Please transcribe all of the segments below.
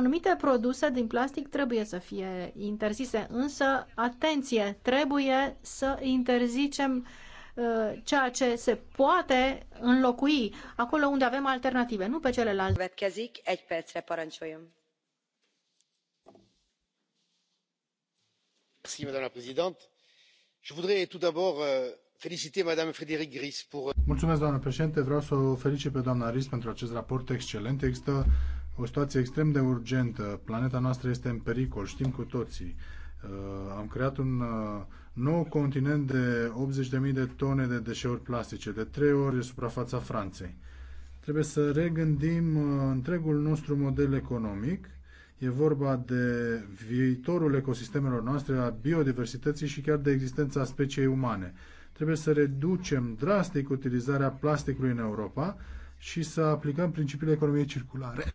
Anumite produse din plastic trebuie să fie interzise, însă, atenție, trebuie să interzicem uh, ceea ce se poate înlocui acolo unde avem alternative, nu pe celelalte. doamnă președintă je voudrais euh, pour. Euh, mulțumesc doamnă președintă vreau să o felicit pe doamna ries pentru acest raport excelent. există o situație extrem de urgentă. Planeta noastră este în pericol, știm cu toții. Uh, am creat un uh, nou continent de 80.000 de tone de deșeuri plastice, de trei ori suprafața Franței. Trebuie să regândim uh, întregul nostru model economic. E vorba de viitorul ecosistemelor noastre, a biodiversității și chiar de existența speciei umane. Trebuie să reducem drastic utilizarea plasticului în Europa și să aplicăm principiile economiei circulare.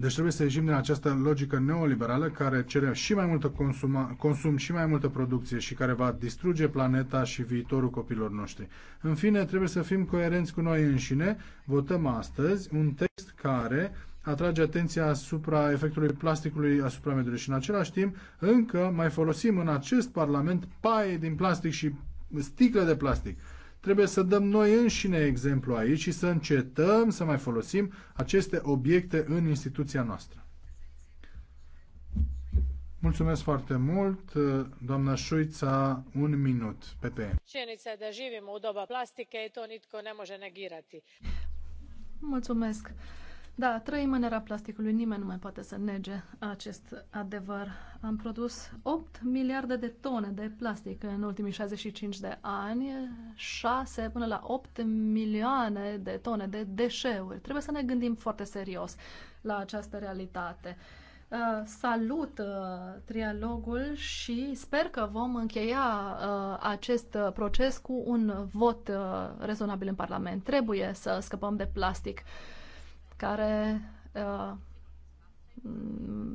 Deci trebuie să ieșim din această logică neoliberală care cere și mai multă consuma, consum și mai multă producție și care va distruge planeta și viitorul copilor noștri. În fine, trebuie să fim coerenți cu noi înșine. Votăm astăzi un text care atrage atenția asupra efectului plasticului asupra mediului și în același timp încă mai folosim în acest parlament paie din plastic și sticle de plastic. Trebuie să dăm noi înșine exemplu aici și să încetăm să mai folosim aceste obiecte în instituția noastră. Mulțumesc foarte mult, doamna Șuița, un minut, PP. Činjenica da živimo u doba plastike to nitko ne može negirati. Mulțumesc. Da, trăim în era plasticului, nimeni nu mai poate să nege acest adevăr. Am produs 8 miliarde de tone de plastic în ultimii 65 de ani, 6 până la 8 milioane de tone de deșeuri. Trebuie să ne gândim foarte serios la această realitate. Uh, salut uh, trialogul și sper că vom încheia uh, acest proces cu un vot uh, rezonabil în Parlament. Trebuie să scăpăm de plastic care uh,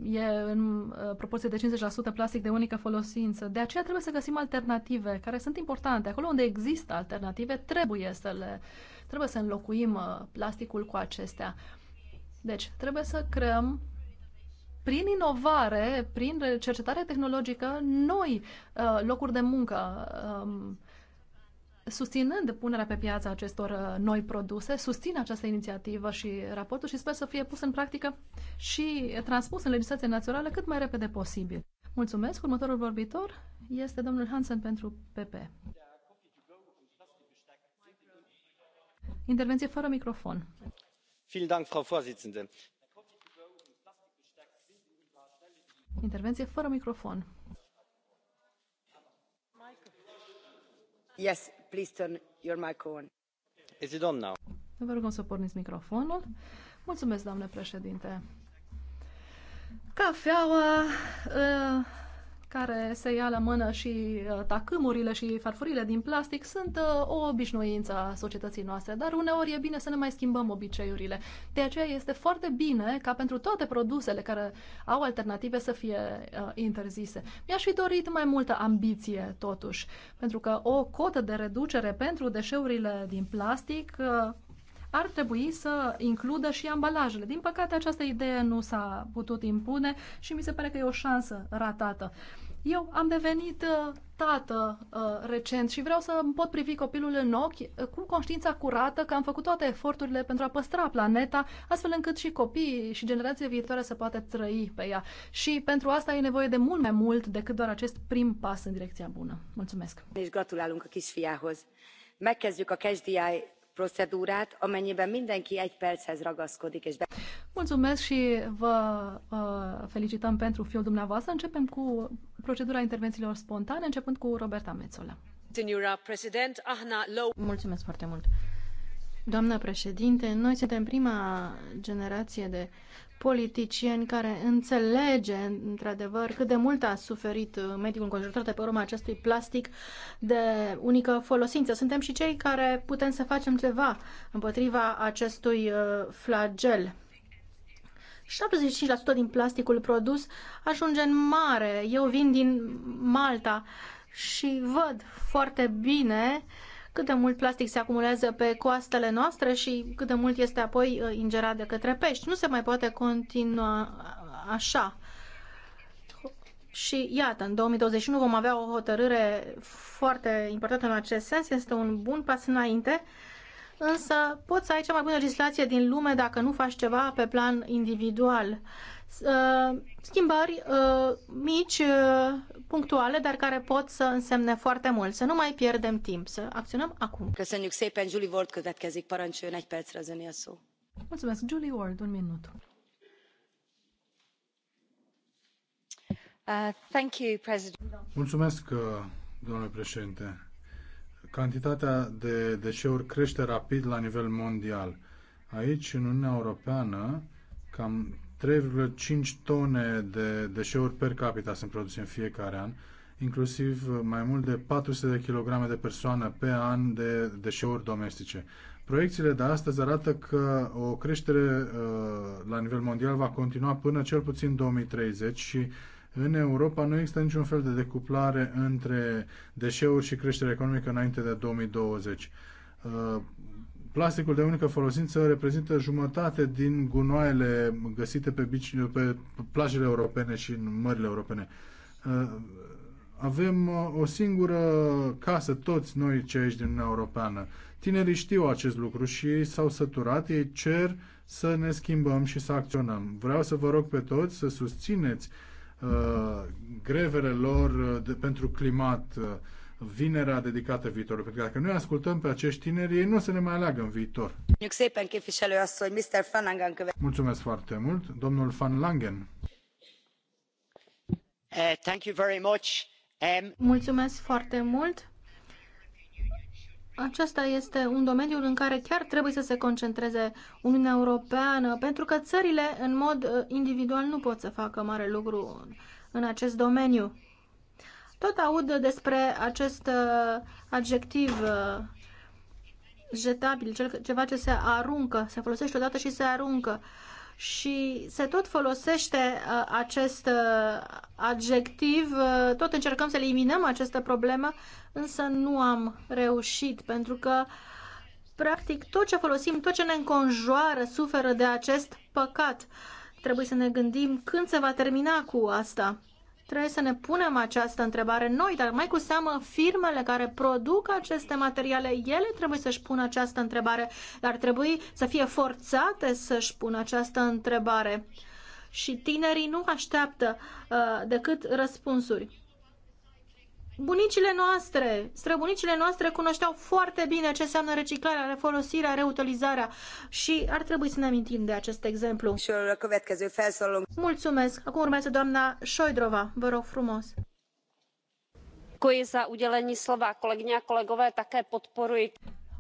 e în uh, proporție de 50% plastic de unică folosință. De aceea trebuie să găsim alternative care sunt importante. Acolo unde există alternative, trebuie să le trebuie să înlocuim uh, plasticul cu acestea. Deci, trebuie să creăm prin inovare, prin cercetare tehnologică, noi locuri de muncă, um, susținând punerea pe piață acestor uh, noi produse, susțin această inițiativă și raportul și sper să fie pus în practică și transpus în legislație națională cât mai repede posibil. Mulțumesc. Următorul vorbitor este domnul Hansen pentru PP. Intervenție fără microfon. Intervenție fără microfon. Yes, Vă rugăm să porniți microfonul. Mulțumesc, doamnă președinte. Cafeaua, uh care se ia la mână și uh, tacâmurile și farfurile din plastic sunt uh, o obișnuință a societății noastre, dar uneori e bine să ne mai schimbăm obiceiurile. De aceea este foarte bine ca pentru toate produsele care au alternative să fie uh, interzise. Mi-aș fi dorit mai multă ambiție, totuși, pentru că o cotă de reducere pentru deșeurile din plastic ar trebui să includă și ambalajele. Din păcate, această idee nu s-a putut impune și mi se pare că e o șansă ratată. Eu am devenit uh, tată uh, recent și vreau să îmi pot privi copilul în ochi uh, cu conștiința curată că am făcut toate eforturile pentru a păstra planeta, astfel încât și copiii și generația viitoare să poată trăi pe ea. Și pentru asta e nevoie de mult mai mult decât doar acest prim pas în direcția bună. Mulțumesc! Deci gratulálunk a kisfiához. Megkezdjük a KSDI procedúrát, amennyiben mindenki egy perchez ragaszkodik. És Mulțumesc și vă uh, felicităm pentru fiul dumneavoastră. Începem cu procedura intervențiilor spontane, începând cu Roberta Metzola. Mulțumesc foarte mult. Doamnă președinte, noi suntem prima generație de politicieni care înțelege într-adevăr cât de mult a suferit uh, mediul înconjurător de pe urma acestui plastic de unică folosință. Suntem și cei care putem să facem ceva împotriva acestui uh, flagel. 75% din plasticul produs ajunge în mare. Eu vin din Malta și văd foarte bine uh, cât de mult plastic se acumulează pe coastele noastre și cât de mult este apoi uh, ingerat de către pești. Nu se mai poate continua uh, așa. Și iată, în 2021 vom avea o hotărâre foarte importantă în acest sens. Este un bun pas înainte, însă poți să ai cea mai bună legislație din lume dacă nu faci ceva pe plan individual. Uh, schimbări uh, mici, uh, punctuale, dar care pot să însemne foarte mult. Să nu mai pierdem timp, să acționăm acum. Köszönjük szépen, Julie Ward következik, parancsoljon egy percre az öné szó. Mulțumesc, Julie Ward, un minut. thank you, President. Mulțumesc, domnule președinte. Cantitatea de deșeuri crește rapid la nivel mondial. Aici, în Uniunea Europeană, cam 3,5 tone de deșeuri per capita sunt produse în fiecare an, inclusiv mai mult de 400 de kilograme de persoană pe an de deșeuri domestice. Proiecțiile de astăzi arată că o creștere uh, la nivel mondial va continua până cel puțin 2030 și în Europa nu există niciun fel de decuplare între deșeuri și creștere economică înainte de 2020. Plasticul de unică folosință reprezintă jumătate din gunoaiele găsite pe, bici, pe plajele europene și în mările europene. Uh, avem uh, o singură casă, toți noi cei aici din Uniunea Europeană. Tinerii știu acest lucru și s-au săturat, ei cer să ne schimbăm și să acționăm. Vreau să vă rog pe toți să susțineți uh, grevele lor uh, de, pentru climat, uh, vinerea dedicată viitorului. Pentru că dacă noi ascultăm pe acești tineri, ei nu se ne mai aleagă în viitor. Mulțumesc foarte mult. Domnul Van Langen. Eh, thank you very much. Mulțumesc foarte mult. Acesta este un domeniu în care chiar trebuie să se concentreze Uniunea Europeană, pentru că țările, în mod eh, individual, nu pot să facă mare lucru în acest domeniu. Tot aud despre acest uh, adjectiv uh, jetabil, ceva ce se aruncă, se folosește odată și se aruncă. Și se tot folosește uh, acest adjectiv, tot încercăm să eliminăm această problemă, însă nu am reușit, pentru că practic tot ce folosim, tot ce ne înconjoară, suferă de acest păcat. Trebuie să ne gândim când se va termina cu asta. Trebuie să ne punem această întrebare noi, dar mai cu seamă firmele care produc aceste materiale, ele trebuie să-și pună această întrebare, dar trebuie să fie forțate să-și pună această întrebare. Și tinerii nu așteaptă uh, decât răspunsuri. Bunicile noastre, străbunicile noastre cunoșteau foarte bine ce înseamnă reciclarea, refolosirea, reutilizarea și ar trebui să ne amintim de acest exemplu. Mulțumesc. Acum urmează doamna Șoidrova. Vă rog frumos. Děkuji za udělení slova. Kolegyně a kolegové, také podporuji.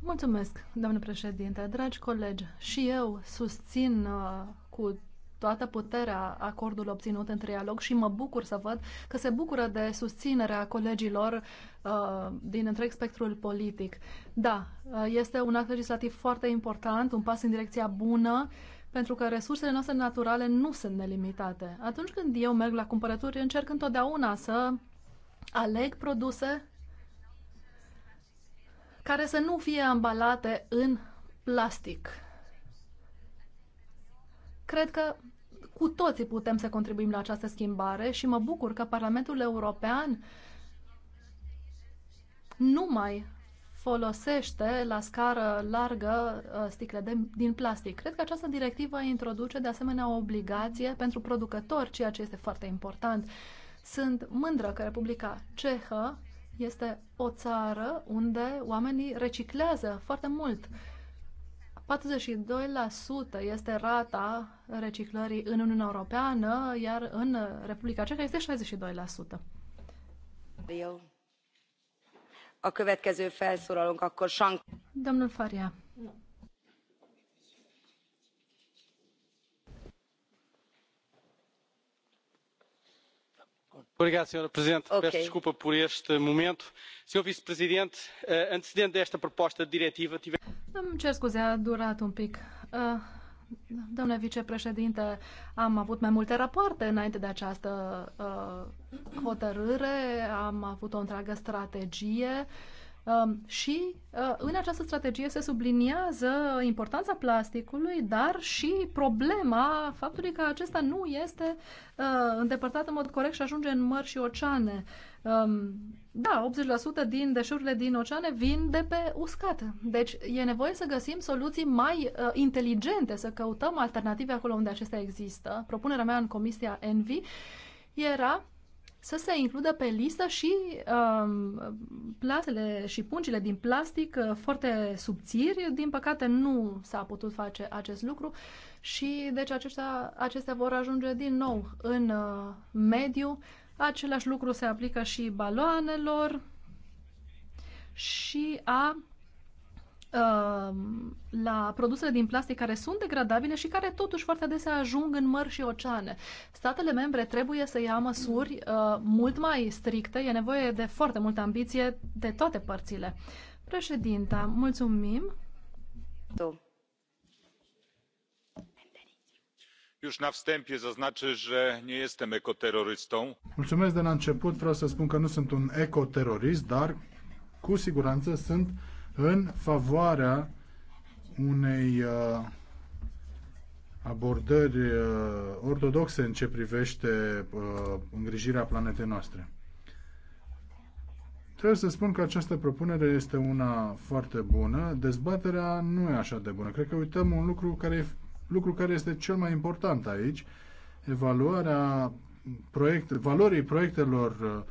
Mulțumesc, doamnă președinte. Dragi colegi, și eu susțin uh, cu toată puterea acordul obținut în trialog și mă bucur să văd că se bucură de susținerea colegilor uh, din întreg spectrul politic. Da, uh, este un act legislativ foarte important, un pas în direcția bună, pentru că resursele noastre naturale nu sunt nelimitate. Atunci când eu merg la cumpărături, încerc întotdeauna să aleg produse care să nu fie ambalate în plastic. Cred că cu toții putem să contribuim la această schimbare și mă bucur că Parlamentul European nu mai folosește la scară largă uh, sticle de, din plastic. Cred că această directivă introduce de asemenea o obligație pentru producători, ceea ce este foarte important. Sunt mândră că Republica Cehă este o țară unde oamenii reciclează foarte mult. Uh, 42% este rata reciclării în Uniunea Europeană, iar în Republica Ceca este 62%. Eu. A következő felszólalunk akkor Sank. Domnul Faria. Nu. senhora presidente peço desculpa por este momento. Sr. vice presidente eh, antecedente desta proposta de diretiva tivemos. Îmi cer scuze, a durat un pic. Uh, domnule vicepreședinte, am avut mai multe rapoarte înainte de această uh, hotărâre, am avut o întreagă strategie Um, și uh, în această strategie se subliniază importanța plasticului, dar și problema faptului că acesta nu este uh, îndepărtat în mod corect și ajunge în mări și oceane. Um, da, 80% din deșurile din oceane vin de pe uscat. Deci e nevoie să găsim soluții mai uh, inteligente, să căutăm alternative acolo unde acestea există. Propunerea mea în Comisia Envi era să se includă pe listă și um, platele și pungile din plastic uh, foarte subțiri. Din păcate nu s-a putut face acest lucru și deci aceștia, acestea vor ajunge din nou în uh, mediu. Același lucru se aplică și baloanelor și a Um, la produsele din plastic care sunt degradabile și care totuși foarte adesea ajung în mări și oceane. Statele membre trebuie să ia măsuri uh, mult mai stricte, e nevoie de foarte multă ambiție de toate părțile. Președinta, mulțumim. Tu. Już na wstępie zaznaczę, że nie jestem ekoterrorystą. Mulțumesc de la început, vreau să spun că nu sunt un ecoterorist, dar cu siguranță sunt uh, în favoarea unei uh, abordări uh, ortodoxe în ce privește uh, îngrijirea planetei noastre. Trebuie să spun că această propunere este una foarte bună. Dezbaterea nu e așa de bună. Cred că uităm un lucru care, lucru care este cel mai important aici. Evaluarea proiect, valorii proiectelor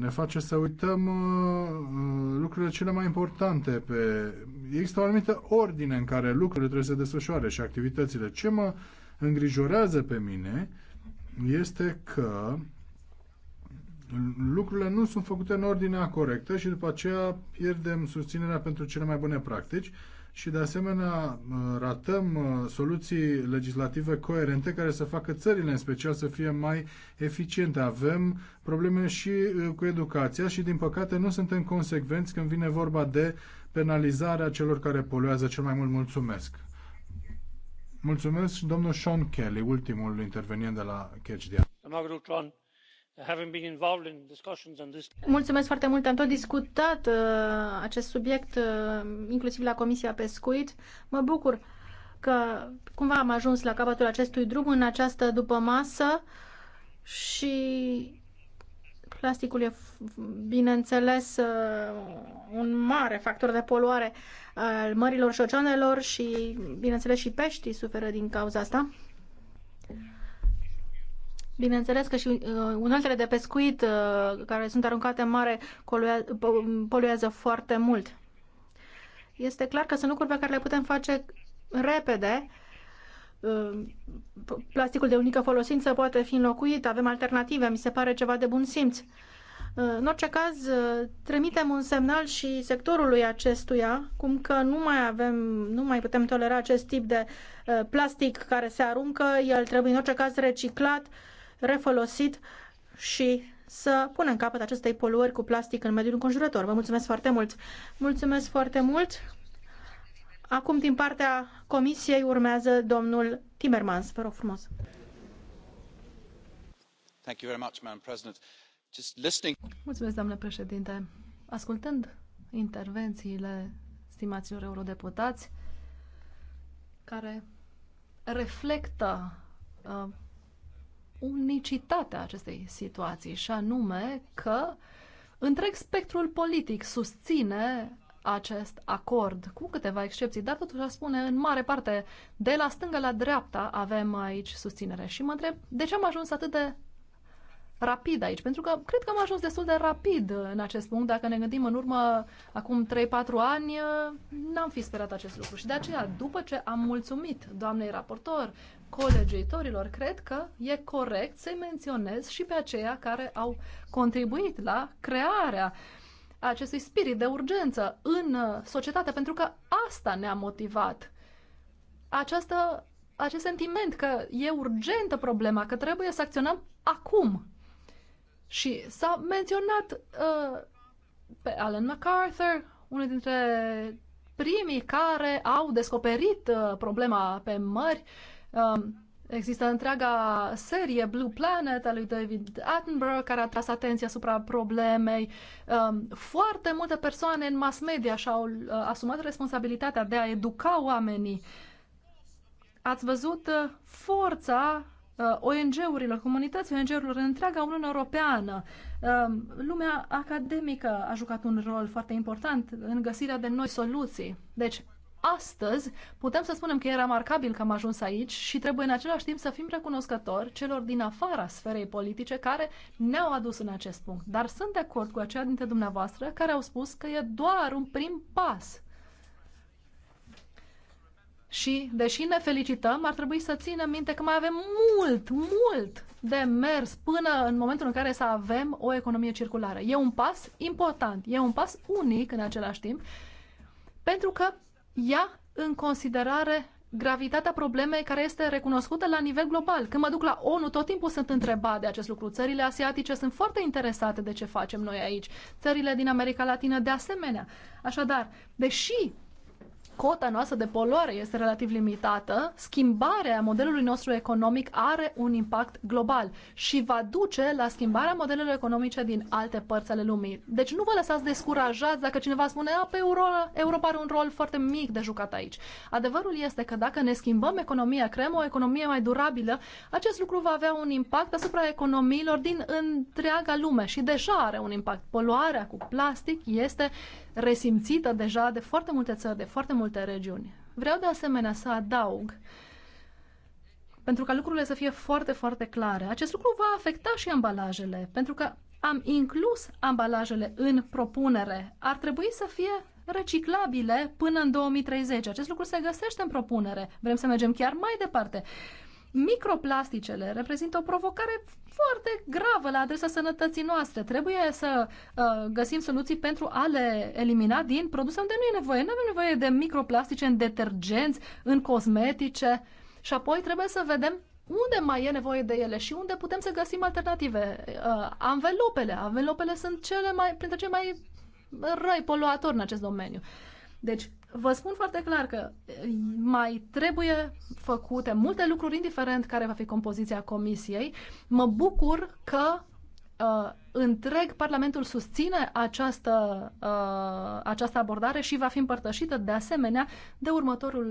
ne face să uităm uh, uh, lucrurile cele mai importante. Pe... Există o anumită ordine în care lucrurile trebuie să se desfășoare și activitățile. Ce mă îngrijorează pe mine este că lucrurile nu sunt făcute în ordinea corectă și după aceea pierdem susținerea pentru cele mai bune practici și de asemenea uh, ratăm uh, soluții legislative coerente care să facă țările în special să fie mai eficiente. Avem probleme și uh, cu educația și din păcate nu suntem consecvenți când vine vorba de penalizarea celor care poluează cel mai mult. Mulțumesc! Mulțumesc și domnul Sean Kelly, ultimul intervenient de la Catch the Mulțumesc foarte mult. Am tot discutat uh, acest subiect, uh, inclusiv la Comisia Pescuit. Mă bucur că cumva am ajuns la capătul acestui drum în această după masă și plasticul e, bineînțeles, uh, un mare factor de poluare al mărilor și oceanelor și, bineînțeles, și peștii suferă din cauza asta. Bineînțeles că și uh, uneltele de pescuit uh, care sunt aruncate în mare poluează foarte mult. Este clar că sunt lucruri pe care le putem face repede. Uh, plasticul de unică folosință poate fi înlocuit, avem alternative, mi se pare ceva de bun simț. Uh, în orice caz, uh, trimitem un semnal și sectorului acestuia, cum că nu mai avem, nu mai putem tolera acest tip de uh, plastic care se aruncă, el trebuie în orice caz reciclat, refolosit și să punem capăt acestei poluări cu plastic în mediul înconjurător. Vă mulțumesc foarte mult! Mulțumesc foarte mult! Acum, din partea Comisiei, urmează domnul Timmermans. Vă rog frumos! Mulțumesc, doamnă președinte. Ascultând intervențiile stimaților eurodeputați, care reflectă uh, unicitatea acestei situații, și anume că întreg spectrul politic susține acest acord, cu câteva excepții, dar totuși aș spune, în mare parte, de la stânga la dreapta avem aici susținere. Și mă întreb, de ce am ajuns atât de rapid aici, pentru că cred că am ajuns destul de rapid în acest punct. Dacă ne gândim în urmă, acum 3-4 ani, n-am fi sperat acest lucru. Și de aceea, după ce am mulțumit doamnei raportor, colegiitorilor, cred că e corect să-i menționez și pe aceia care au contribuit la crearea acestui spirit de urgență în societate, pentru că asta ne-a motivat. Această, acest sentiment că e urgentă problema, că trebuie să acționăm acum, și s-a menționat uh, pe Alan MacArthur, unul dintre primii care au descoperit uh, problema pe mări. Uh, există întreaga serie Blue Planet a lui David Attenborough care a tras atenția asupra problemei. Uh, foarte multe persoane în mass media și-au uh, asumat responsabilitatea de a educa oamenii. Ați văzut uh, forța Uh, ONG-urilor, comunității ONG-urilor în întreaga Uniune Europeană. Uh, lumea academică a jucat un rol foarte important în găsirea de noi soluții. Deci, astăzi putem să spunem că e remarcabil că am ajuns aici și trebuie în același timp să fim recunoscători celor din afara sferei politice care ne-au adus în acest punct. Dar sunt de acord cu aceia dintre dumneavoastră care au spus că e doar un prim pas și, deși ne felicităm, ar trebui să ținem minte că mai avem mult, mult de mers până în momentul în care să avem o economie circulară. E un pas important, e un pas unic în același timp, pentru că ia în considerare gravitatea problemei care este recunoscută la nivel global. Când mă duc la ONU, tot timpul sunt întrebat de acest lucru. Țările asiatice sunt foarte interesate de ce facem noi aici. Țările din America Latină de asemenea. Așadar, deși cota noastră de poluare este relativ limitată, schimbarea modelului nostru economic are un impact global și va duce la schimbarea modelelor economice din alte părți ale lumii. Deci nu vă lăsați descurajați dacă cineva spune, a, pe Euro, Europa are un rol foarte mic de jucat aici. Adevărul este că dacă ne schimbăm economia, creăm o economie mai durabilă, acest lucru va avea un impact asupra economiilor din întreaga lume și deja are un impact. Poluarea cu plastic este resimțită deja de foarte multe țări, de foarte multe regiuni. Vreau de asemenea să adaug, pentru ca lucrurile să fie foarte, foarte clare, acest lucru va afecta și ambalajele, pentru că am inclus ambalajele în propunere. Ar trebui să fie reciclabile până în 2030. Acest lucru se găsește în propunere. Vrem să mergem chiar mai departe. Microplasticele reprezintă o provocare foarte gravă la adresa sănătății noastre. Trebuie să uh, găsim soluții pentru a le elimina din produse unde nu e nevoie. Nu avem nevoie de microplastice în detergenți, în cosmetice și apoi trebuie să vedem unde mai e nevoie de ele și unde putem să găsim alternative. Uh, anvelopele. Anvelopele sunt cele mai, printre cele mai răi poluatori în acest domeniu. Deci Vă spun foarte clar că eh, mai trebuie făcute multe lucruri, indiferent care va fi compoziția comisiei. Mă bucur că uh, întreg Parlamentul susține această, uh, această abordare și va fi împărtășită de asemenea de următorul,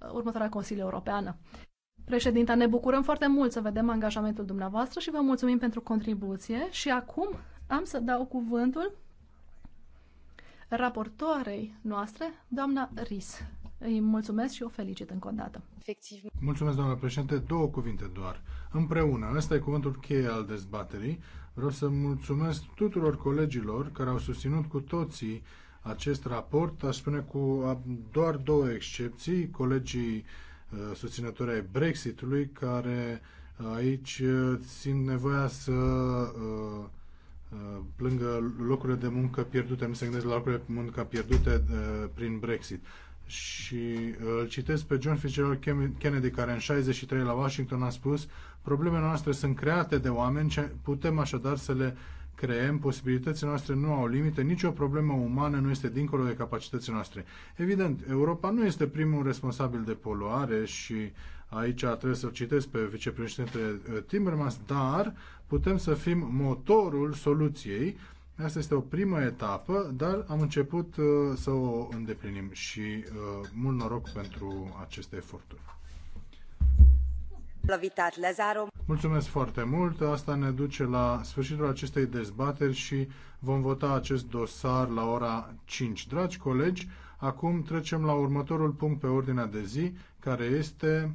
uh, următoarea Consiliu Europeană. Președinta, ne bucurăm foarte mult să vedem angajamentul dumneavoastră și vă mulțumim pentru contribuție și acum am să dau cuvântul raportoarei noastre, doamna Ris. Îi mulțumesc și o felicit încă o dată. Efectiv. Mulțumesc, doamna președinte. Două cuvinte doar. Împreună, ăsta e cuvântul cheie al dezbaterii. Vreau să mulțumesc tuturor colegilor care au susținut cu toții acest raport, aș spune cu doar două excepții, colegii uh, susținători ai Brexitului, care uh, aici uh, simt nevoia să uh, plângă locurile de muncă pierdute, nu se gândesc la locurile de muncă pierdute uh, prin Brexit. Și uh, îl citesc pe John Fitzgerald Kennedy, care în 63 la Washington a spus problemele noastre sunt create de oameni, putem așadar să le creăm, posibilitățile noastre nu au limite, nicio problemă umană nu este dincolo de capacitățile noastre. Evident, Europa nu este primul responsabil de poluare și uh, aici trebuie să-l citesc pe vicepreședintele uh, Timmermans, dar putem să fim motorul soluției. Asta este o primă etapă, dar am început uh, să o îndeplinim și uh, mult noroc pentru aceste eforturi. Mulțumesc foarte mult. Asta ne duce la sfârșitul acestei dezbateri și vom vota acest dosar la ora 5. Dragi colegi, acum trecem la următorul punct pe ordinea de zi, care este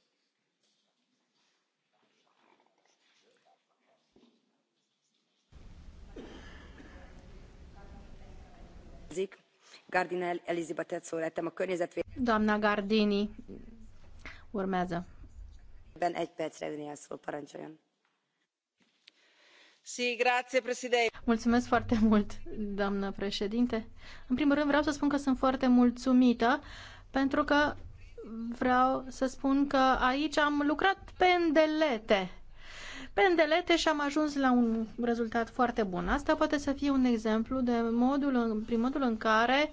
Gardini Elizabeth Szóretem a környezetvédelmi... Doamna Gardini, urmează. Ben egy percre önél szó, parancsoljon. Sí, grazie, Mulțumesc foarte mult, doamnă președinte. În primul rând vreau să spun că sunt foarte mulțumită pentru că vreau să spun că aici am lucrat pe îndelete pe îndelete și am ajuns la un rezultat foarte bun. Asta poate să fie un exemplu de modul, prin modul în care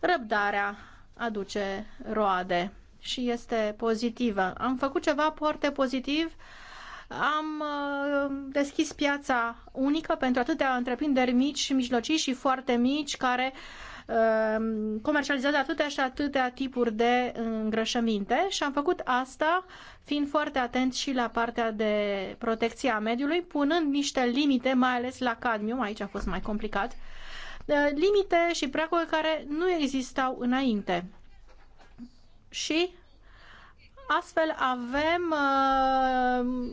răbdarea aduce roade și este pozitivă. Am făcut ceva foarte pozitiv, am uh, deschis piața unică pentru atâtea întreprinderi mici și mijlocii și foarte mici care uh, Um, comercializat atâtea și atâtea tipuri de îngrășăminte și am făcut asta fiind foarte atent și la partea de protecție a mediului, punând niște limite, mai ales la cadmium, aici a fost mai complicat, uh, limite și praguri care nu existau înainte. Și astfel avem uh,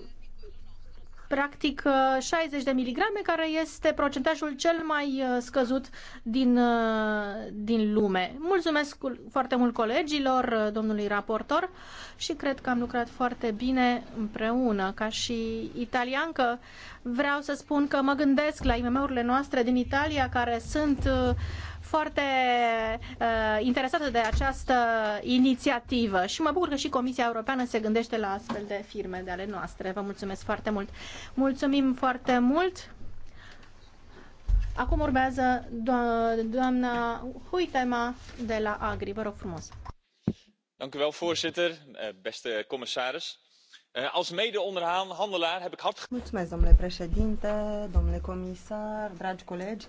practic 60 uh, de miligrame, care este procentajul cel mai uh, scăzut din, uh, din lume. Mulțumesc foarte mult colegilor, domnului raportor și cred că am lucrat foarte bine împreună. Ca și italiancă vreau să spun că mă gândesc la IMM-urile noastre din Italia care sunt uh, foarte uh, interesată de această inițiativă și mă bucur că și Comisia Europeană se gândește la astfel de firme de ale noastre. Vă mulțumesc foarte mult. Mulțumim foarte mult. Acum urmează do doamna Huitema de la Agri. Vă rog frumos. Dank u wel, voorzitter. Eh, beste commissaris. Eh, als mede-onderhandelaar heb ik hard... Mulțumesc, domnule președinte, domnule comisar, dragi colegi.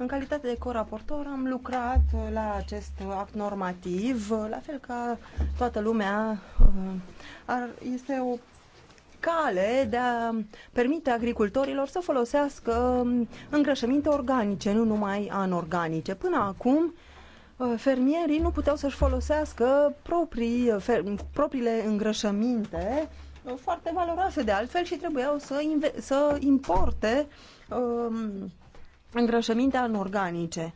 În calitate de coraportor am lucrat uh, la acest act normativ, uh, la fel ca toată lumea. Uh, este o cale de a permite agricultorilor să folosească um, îngrășăminte organice, nu numai anorganice. Până acum, fermierii nu puteau să-și folosească proprii, fer, propriile îngrășăminte foarte valoroase de altfel și trebuiau să, să importe um, îngrășăminte anorganice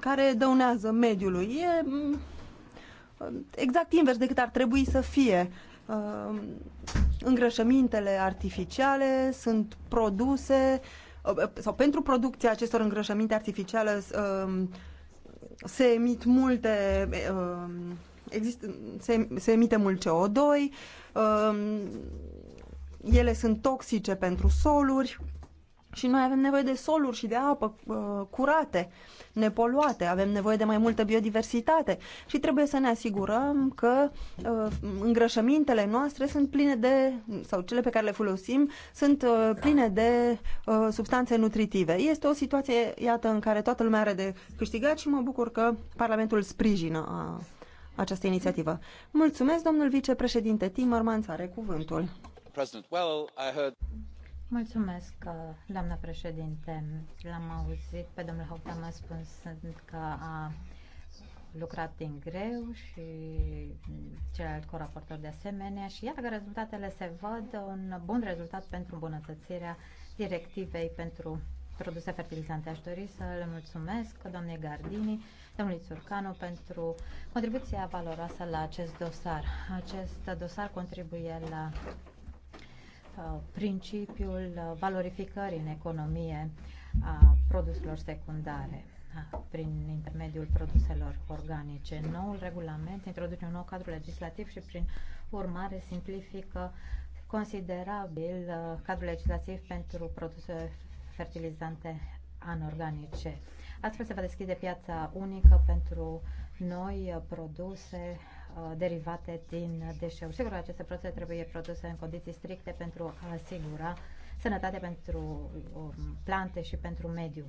care dăunează mediului. E exact invers decât ar trebui să fie. Uh, îngrășămintele artificiale sunt produse uh, sau pentru producția acestor îngrășăminte artificiale um, se emit multe um, există, se, se emite mult CO2 um, ele sunt toxice pentru soluri și noi avem nevoie de soluri și de apă uh, curate, nepoluate, avem nevoie de mai multă biodiversitate și trebuie să ne asigurăm că uh, îngrășămintele noastre sunt pline de, sau cele pe care le folosim, sunt uh, pline de uh, substanțe nutritive. Este o situație, iată, în care toată lumea are de câștigat și mă bucur că Parlamentul sprijină a, uh, această inițiativă. Mulțumesc, domnul vicepreședinte Timmermans are cuvântul. Mulțumesc, uh, doamna președinte. L-am auzit pe domnul Hautama spunând că a lucrat din greu și celălalt coraportor de asemenea și iată că rezultatele se văd, un bun rezultat pentru îmbunătățirea directivei pentru produse fertilizante. Aș dori să le mulțumesc doamnei Gardini, domnului Țurcanu pentru contribuția valoroasă la acest dosar. Acest dosar contribuie la Uh, principiul uh, valorificării în economie a produselor secundare prin intermediul produselor organice. Noul regulament introduce un nou cadru legislativ și prin urmare simplifică considerabil uh, cadrul legislativ pentru produse fertilizante anorganice. Astfel se va deschide piața unică pentru noi produse Uh, derivate din deșeuri. Sigur, aceste produse trebuie produse în condiții stricte pentru a asigura sănătate pentru um, plante și pentru mediu.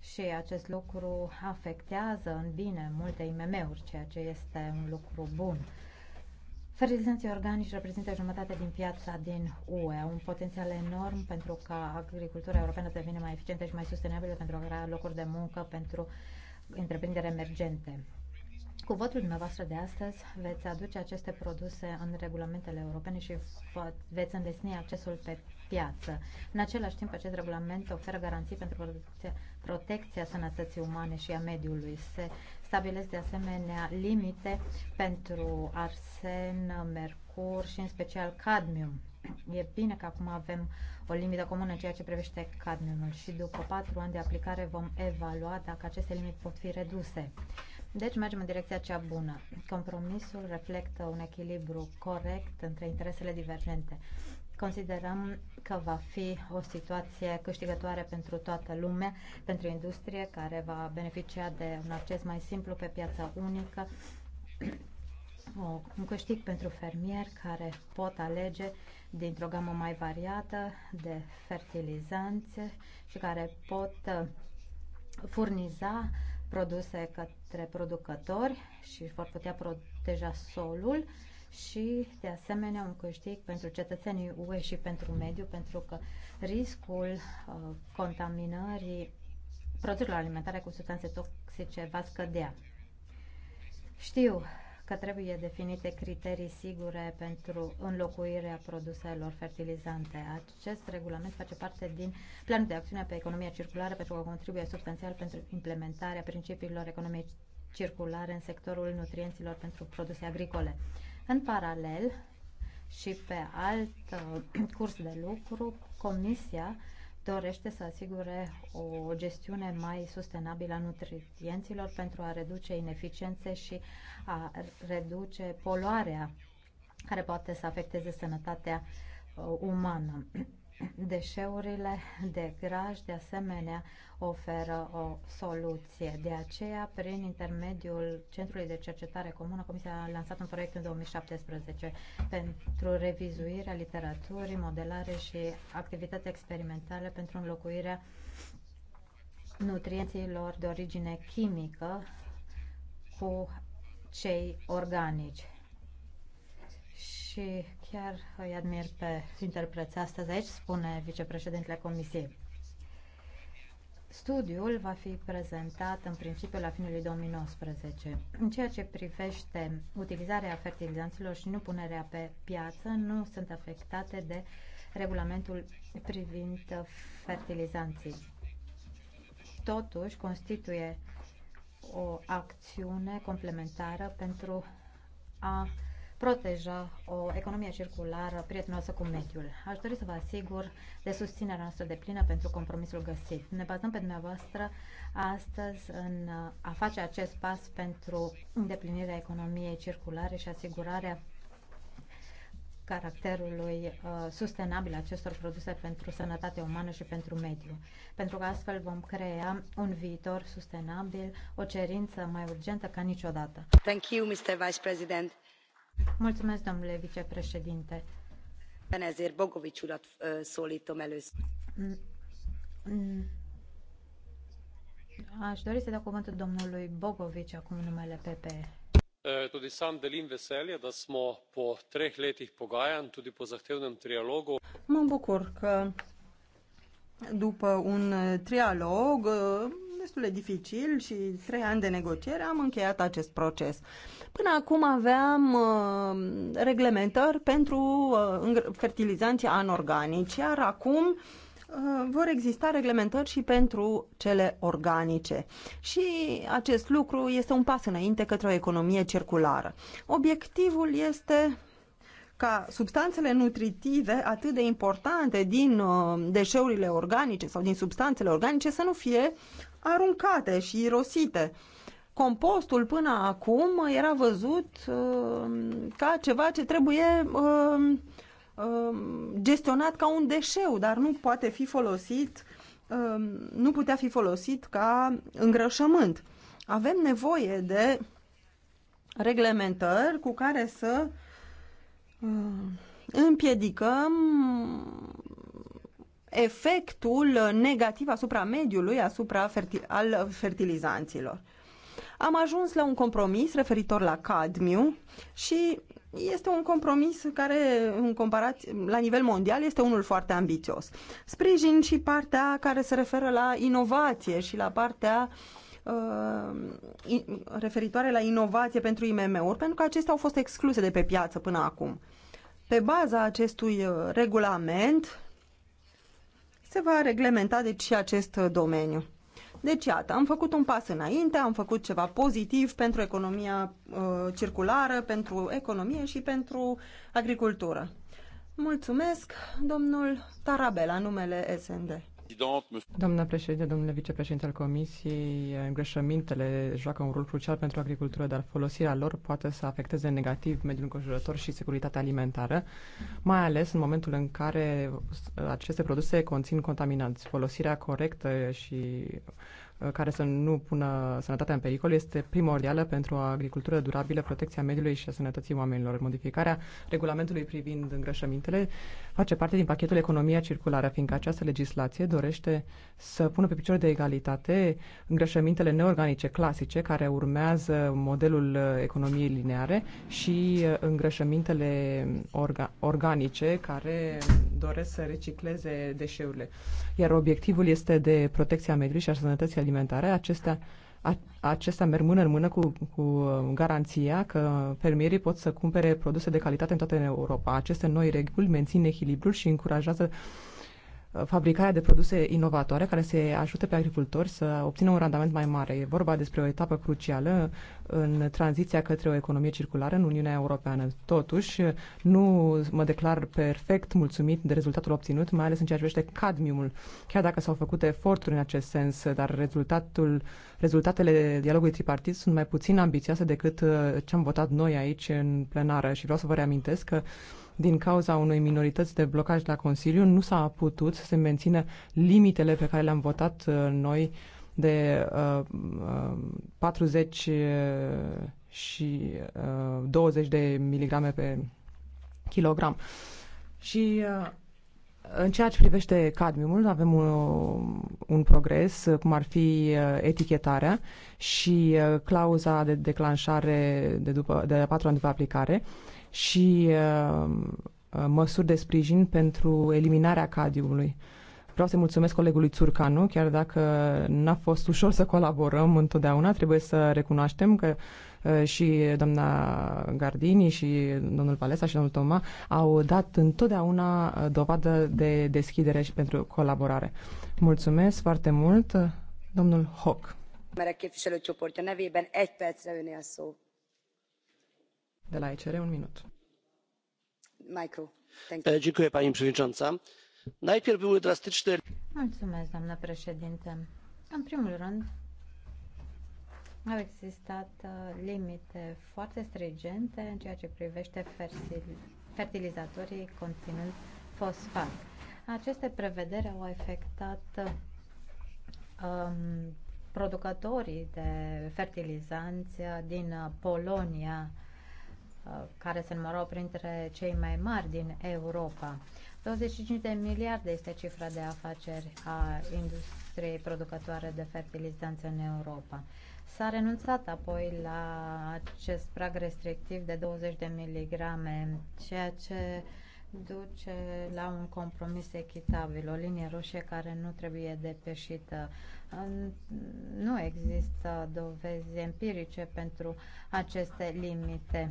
Și acest lucru afectează în bine multe IMM-uri, ceea ce este un lucru bun. Fertilizanții organici reprezintă jumătate din piața din UE, un potențial enorm pentru ca agricultura europeană să devină mai eficientă și mai sustenabilă pentru a crea locuri de muncă pentru întreprinderi emergente. Cu votul dumneavoastră de astăzi veți aduce aceste produse în regulamentele europene și veți îndesni accesul pe piață. În același timp, acest regulament oferă garanții pentru protecția, protecția sănătății umane și a mediului. Se stabilesc de asemenea limite pentru arsen, mercur și în special cadmium. E bine că acum avem o limită comună în ceea ce privește cadmiumul și după patru ani de aplicare vom evalua dacă aceste limite pot fi reduse. Deci mergem în direcția cea bună. Compromisul reflectă un echilibru corect între interesele divergente. Considerăm că va fi o situație câștigătoare pentru toată lumea, pentru industrie, care va beneficia de un acces mai simplu pe piața unică, o, un câștig pentru fermieri care pot alege dintr-o gamă mai variată de fertilizanți și care pot uh, furniza produse către către producători și vor putea proteja solul și, de asemenea, un câștig pentru cetățenii UE și pentru mediu, pentru că riscul uh, contaminării produselor alimentare cu substanțe toxice va scădea. Știu că trebuie definite criterii sigure pentru înlocuirea produselor fertilizante. Acest regulament face parte din planul de acțiune pe economia circulară pentru că contribuie substanțial pentru implementarea principiilor economiei circulare în sectorul nutrienților pentru produse agricole. În paralel și pe alt uh, curs de lucru, Comisia dorește să asigure o gestiune mai sustenabilă a nutrienților pentru a reduce ineficiențe și a reduce poluarea care poate să afecteze sănătatea uh, umană. Deșeurile de graj, de asemenea, oferă o soluție. De aceea, prin intermediul Centrului de Cercetare Comună, Comisia a lansat un proiect în 2017 pentru revizuirea literaturii, modelare și activități experimentale pentru înlocuirea nutrienților de origine chimică cu cei organici și chiar îi admir pe interpreți astăzi aici, spune vicepreședintele Comisiei. Studiul va fi prezentat în principiu la finului 2019. În ceea ce privește utilizarea fertilizanților și nu punerea pe piață, nu sunt afectate de regulamentul privind fertilizanții. Totuși, constituie o acțiune complementară pentru a proteja o economie circulară prietenoasă cu mediul. Aș dori să vă asigur de susținerea noastră de plină pentru compromisul găsit. Ne bazăm pe dumneavoastră astăzi în a face acest pas pentru îndeplinirea economiei circulare și asigurarea caracterului uh, sustenabil acestor produse pentru sănătatea umană și pentru mediu. Pentru că astfel vom crea un viitor sustenabil, o cerință mai urgentă ca niciodată. Thank you, Mr. Vice President. Mulțumesc, domnule vicepreședinte. Ezért Bogovics urat uh, szólítom először. Mm. să domnului acum eh, Tudi sam delim veselje, da smo po treh letih pogajanj, tudi po zahtevnem trialogu. Mă bucur că după un eh, trialog eh, destul de dificil și trei ani de negociere am încheiat acest proces. Până acum aveam uh, reglementări pentru uh, fertilizanții anorganici, iar acum uh, vor exista reglementări și pentru cele organice. Și acest lucru este un pas înainte către o economie circulară. Obiectivul este ca substanțele nutritive atât de importante din uh, deșeurile organice sau din substanțele organice să nu fie aruncate și irosite. Compostul până acum era văzut uh, ca ceva ce trebuie uh, uh, gestionat ca un deșeu, dar nu poate fi folosit, uh, nu putea fi folosit ca îngrășământ. Avem nevoie de reglementări cu care să uh, împiedicăm efectul negativ asupra mediului, asupra ferti al fertilizanților. Am ajuns la un compromis referitor la cadmiu și este un compromis care, în comparație, la nivel mondial, este unul foarte ambițios. Sprijin și partea care se referă la inovație și la partea uh, referitoare la inovație pentru IMM-uri, pentru că acestea au fost excluse de pe piață până acum. Pe baza acestui uh, regulament, se va reglementa deci și acest uh, domeniu. Deci, iată, am făcut un pas înainte, am făcut ceva pozitiv pentru economia uh, circulară, pentru economie și pentru agricultură. Mulțumesc, domnul Tarabela, numele SND. Doamna președinte, domnule vicepreședinte al Comisiei, îngrășămintele joacă un rol crucial pentru agricultură, dar folosirea lor poate să afecteze negativ mediul înconjurător și securitatea alimentară, mai ales în momentul în care aceste produse conțin contaminanți. Folosirea corectă și Uh, care să nu pună sănătatea în pericol este primordială pentru o agricultură durabilă, protecția mediului și a sănătății oamenilor. Modificarea regulamentului privind îngrășămintele face parte din pachetul Economia Circulară, fiindcă această legislație dorește să pună pe picior de egalitate îngrășămintele neorganice clasice, care urmează modelul uh, economiei lineare și uh, îngrășămintele orga- organice, care doresc să recicleze deșeurile. Iar obiectivul este de protecția mediului și a sănătății alimentare. Acestea, a, acestea merg mână în mână cu, cu garanția că fermierii pot să cumpere produse de calitate în toată Europa. Aceste noi reguli mențin echilibrul și încurajează uh, fabricarea de produse inovatoare care se ajute pe agricultori să obțină un randament mai mare. E vorba despre o etapă crucială în tranziția către o economie circulară în Uniunea Europeană. Totuși, nu mă declar perfect mulțumit de rezultatul obținut, mai ales în ceea ce privește cadmiumul. Chiar dacă s-au făcut eforturi în acest sens, dar rezultatul, rezultatele dialogului tripartit sunt mai puțin ambițioase decât uh, ce am votat noi aici în plenară și vreau să vă reamintesc că din cauza unei minorități de blocaj la Consiliu, nu s-a putut să se mențină limitele pe care le-am votat uh, noi de uh, uh, 40 uh, și uh, 20 de miligrame pe kilogram. Și uh, în ceea ce privește cadmiumul, avem un, un progres, cum ar fi uh, etichetarea și clauza de declanșare de, după, de 4 ani după aplicare și uh, uh, măsuri de sprijin pentru eliminarea cadiului. Vreau să mulțumesc colegului Țurcanu, chiar dacă n-a fost ușor să colaborăm întotdeauna, trebuie să recunoaștem că uh, și doamna Gardini și domnul Palesa și domnul Toma au dat întotdeauna uh, dovadă de deschidere și pentru colaborare. Mulțumesc foarte mult, domnul Hock. Merek képviselőcsoport nevében egy percre öné a szó de un minut. Michael, pani przewodnicząca. Najpierw były drastyczne... Mulțumesc, doamnă președinte. În primul rând, au existat uh, limite foarte stringente în ceea ce privește fertilizatorii conținând fosfat. Aceste prevederi au afectat um, producătorii de fertilizanți din Polonia care se numărau printre cei mai mari din Europa. 25 de miliarde este cifra de afaceri a industriei producătoare de fertilizanți în Europa. S-a renunțat apoi la acest prag restrictiv de 20 de miligrame, ceea ce duce la un compromis echitabil, o linie roșie care nu trebuie depășită. Nu există dovezi empirice pentru aceste limite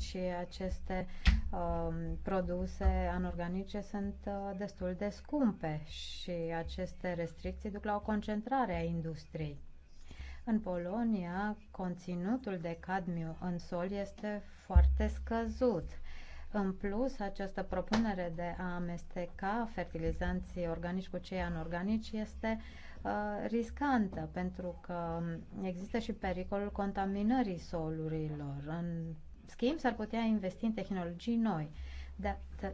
și aceste um, produse anorganice sunt uh, destul de scumpe și aceste restricții duc la o concentrare a industriei. În Polonia, conținutul de cadmiu în sol este foarte scăzut. În plus, această propunere de a amesteca fertilizanții organici cu cei anorganici este Uh, riscantă pentru că există și pericolul contaminării solurilor. În schimb, s-ar putea investi în tehnologii noi. Dar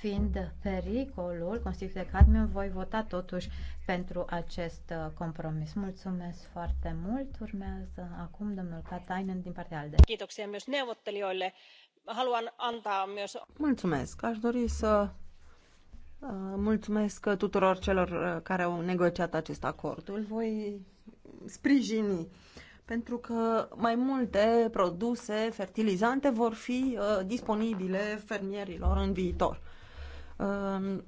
fiind pericolul constituit de cadmiu, voi vota totuși pentru acest uh, compromis. Mulțumesc foarte mult. Urmează acum domnul Katainen din partea ALDE. Mulțumesc. Aș dori să Uh, mulțumesc tuturor celor uh, care au negociat acest acord. Îl voi sprijini pentru că mai multe produse fertilizante vor fi uh, disponibile fermierilor în viitor. Uh,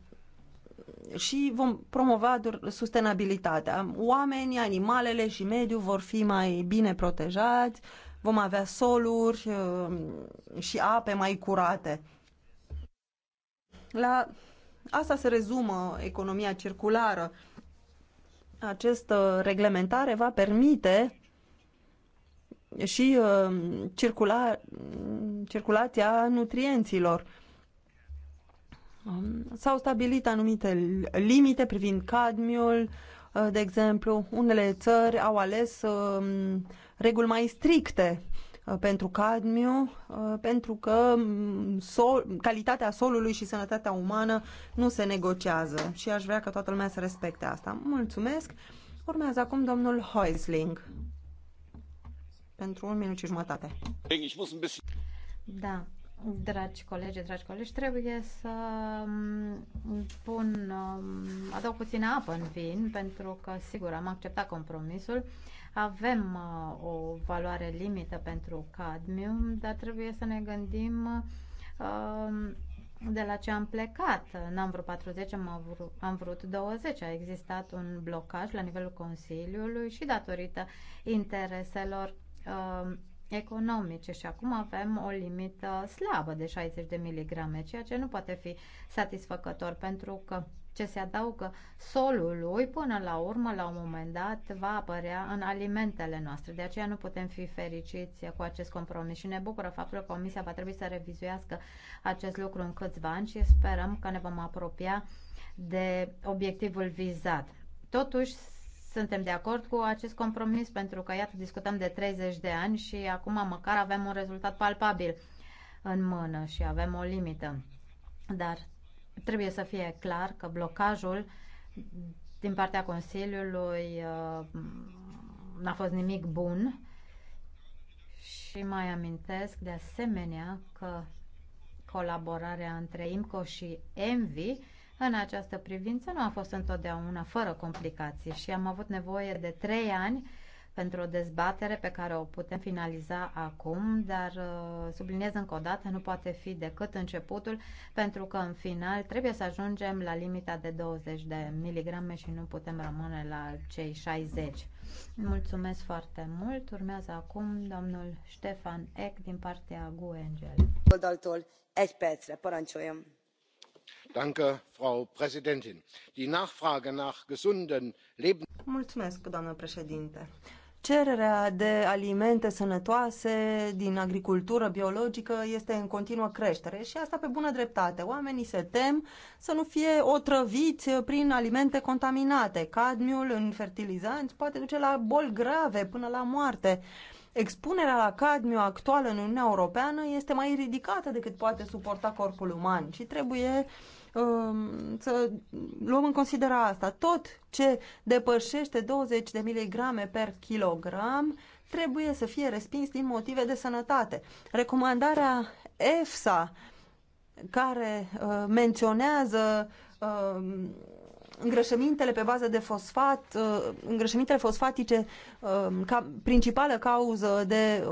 și vom promova sustenabilitatea. Oamenii, animalele și mediul vor fi mai bine protejați, vom avea soluri uh, și ape mai curate. La asta se rezumă economia circulară. Această reglementare va permite și uh, circula, circulația nutrienților. S-au stabilit anumite limite privind cadmiul, uh, de exemplu, unele țări au ales um, reguli mai stricte Uh, pentru cadmiu, uh, pentru că mm, sol, calitatea solului și sănătatea umană nu se negociază și aș vrea ca toată lumea să respecte asta. Mulțumesc! Urmează acum domnul Heusling pentru un minut și jumătate. Da, Dragi colegi, dragi colegi, trebuie să um, pun, um, adaug puțină apă în vin, pentru că, sigur, am acceptat compromisul. Avem uh, o valoare limită pentru cadmium, dar trebuie să ne gândim um, de la ce am plecat. N-am vrut 40, am vrut, am vrut 20. A existat un blocaj la nivelul Consiliului și datorită intereselor economice și acum avem o limită slabă de 60 de miligrame, ceea ce nu poate fi satisfăcător pentru că ce se adaugă solului, până la urmă, la un moment dat, va apărea în alimentele noastre. De aceea nu putem fi fericiți cu acest compromis și ne bucură faptul că Comisia va trebui să revizuiască acest lucru în câțiva ani și sperăm că ne vom apropia de obiectivul vizat. Totuși, suntem de acord cu acest compromis pentru că, iată, discutăm de 30 de ani și acum măcar avem un rezultat palpabil în mână și avem o limită. Dar trebuie să fie clar că blocajul din partea Consiliului uh, n-a fost nimic bun și mai amintesc de asemenea că colaborarea între IMCO și ENVI în această privință nu a fost întotdeauna fără complicații și am avut nevoie de trei ani pentru o dezbatere pe care o putem finaliza acum, dar uh, subliniez încă o dată, nu poate fi decât începutul, pentru că în final trebuie să ajungem la limita de 20 de miligrame și nu putem rămâne la cei 60. Mulțumesc foarte mult. Urmează acum domnul Ștefan Eck din partea GUE Angel doamnă președintă cererea de alimente sănătoase din agricultură biologică este în continuă creștere și asta pe bună dreptate. Oamenii se tem să nu fie otrăviți prin alimente contaminate. Cadmiul în fertilizanți poate duce la boli grave până la moarte. Expunerea la cadmiu actuală în Uniunea Europeană este mai ridicată decât poate suporta corpul uman și trebuie uh, Um, să luăm în considera asta. Tot ce depășește 20 de miligrame per kilogram trebuie să fie respins din motive de sănătate. Recomandarea EFSA care uh, menționează uh, îngrășămintele pe bază de fosfat, uh, îngrășămintele fosfatice uh, ca principală cauză de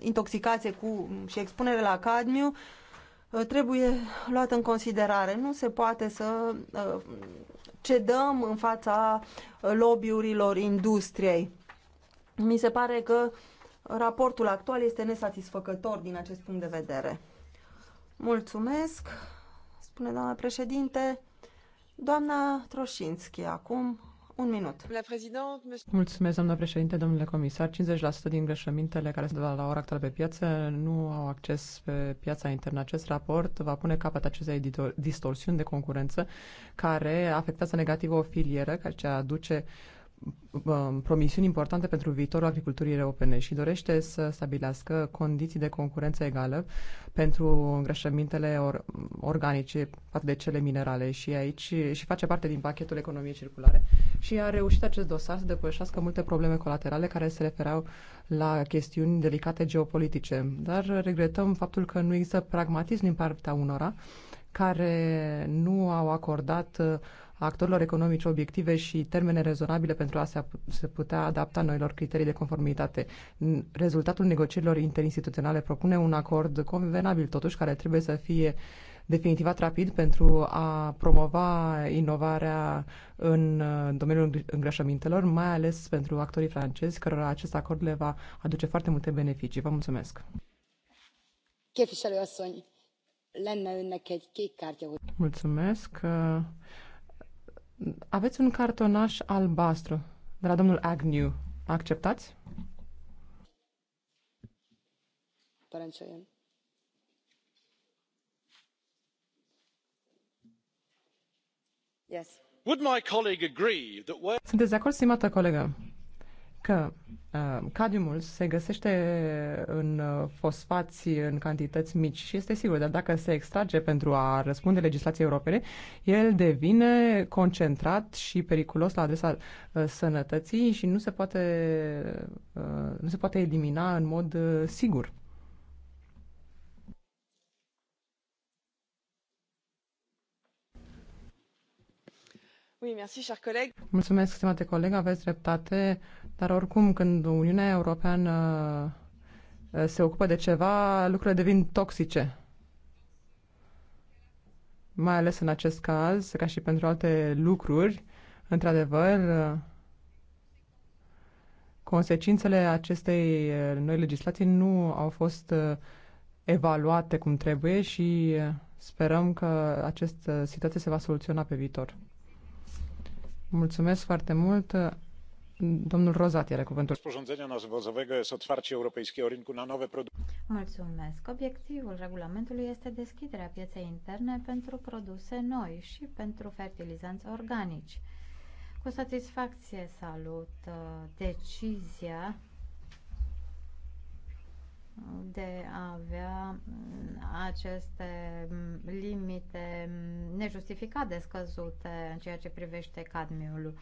intoxicație cu, și expunere la cadmiu, uh, Uh, trebuie luat în considerare. Nu se poate să uh, cedăm în fața uh, lobbyurilor industriei. Mi se pare că raportul actual este nesatisfăcător din acest punct de vedere. Mulțumesc, spune doamna președinte. Doamna Troșinski, acum un minut. Mulțumesc, doamna președinte, domnule comisar. 50% din greșămintele care sunt la ora actuală pe piață nu au acces pe piața internă. Acest raport va pune capăt acestei distorsiuni de concurență care afectează negativ o filieră, care ce aduce uh, Um, promisiuni importante pentru viitorul agriculturii europene și dorește să stabilească condiții de concurență egală pentru îngrășămintele or- organice față de cele minerale și aici și face parte din pachetul economie circulare și a reușit acest dosar să depășească multe probleme colaterale care se refereau la chestiuni delicate geopolitice. Dar regretăm faptul că nu există pragmatism din partea unora care nu au acordat uh, actorilor economici obiective și termene rezonabile pentru a se putea adapta noilor criterii de conformitate. Rezultatul negocierilor interinstituționale propune un acord convenabil, totuși, care trebuie să fie definitivat rapid pentru a promova inovarea în uh, domeniul îngrașămintelor, mai ales pentru actorii francezi, cărora acest acord le va aduce foarte multe beneficii. Vă mulțumesc! Mulțumesc! Uh, aveți un cartonaș albastru de la domnul Agnew. Acceptați? Yes. Would my colleague agree that... Sunteți de acord, stimată colegă, că uh, cadmiumul se găsește în uh, fosfați în cantități mici și este sigur, dar dacă se extrage pentru a răspunde legislației europene, el devine concentrat și periculos la adresa uh, sănătății și nu se poate, uh, nu se poate elimina în mod uh, sigur. Mulțumesc, stimate coleg, aveți dreptate. Dar oricum, când Uniunea Europeană uh, se ocupă de ceva, lucrurile devin toxice. Mai ales în acest caz, ca și pentru alte lucruri, într-adevăr, uh, consecințele acestei uh, noi legislații nu au fost evaluate cum trebuie și sperăm că această situație se va soluționa pe viitor. Mulțumesc foarte mult. Domnul Rozat are cuvântul. Mulțumesc. Obiectivul regulamentului este deschiderea pieței interne pentru produse noi și pentru fertilizanți organici. Cu satisfacție salut uh, decizia de a avea mm, aceste mm, limite mm, nejustificate scăzute în ceea ce privește cadmiul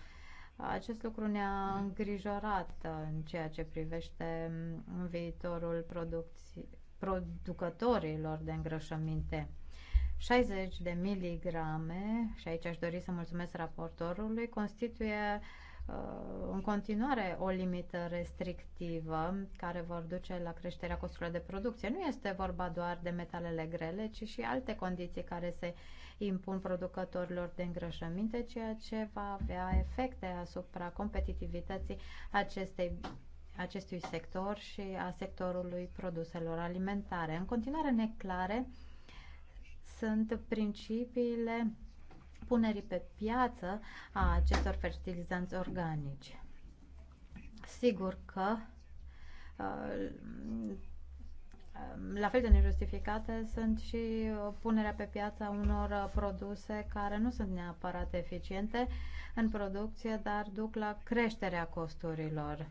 acest lucru ne-a îngrijorat în ceea ce privește viitorul producătorilor de îngrășăminte. 60 de miligrame, și aici aș dori să mulțumesc raportorului, constituie uh, în continuare o limită restrictivă care vor duce la creșterea costurilor de producție. Nu este vorba doar de metalele grele, ci și alte condiții care se uh, impun producătorilor de îngrășăminte, ceea ce va avea efecte asupra competitivității acestei acestui sector și a sectorului produselor alimentare. În continuare neclare sunt principiile punerii pe piață a acestor fertilizanți organici. Sigur că uh, Ehm, la fel de nejustificate sunt și uh, punerea pe piață unor uh, produse care nu sunt neapărat eficiente în producție, dar duc la creșterea costurilor.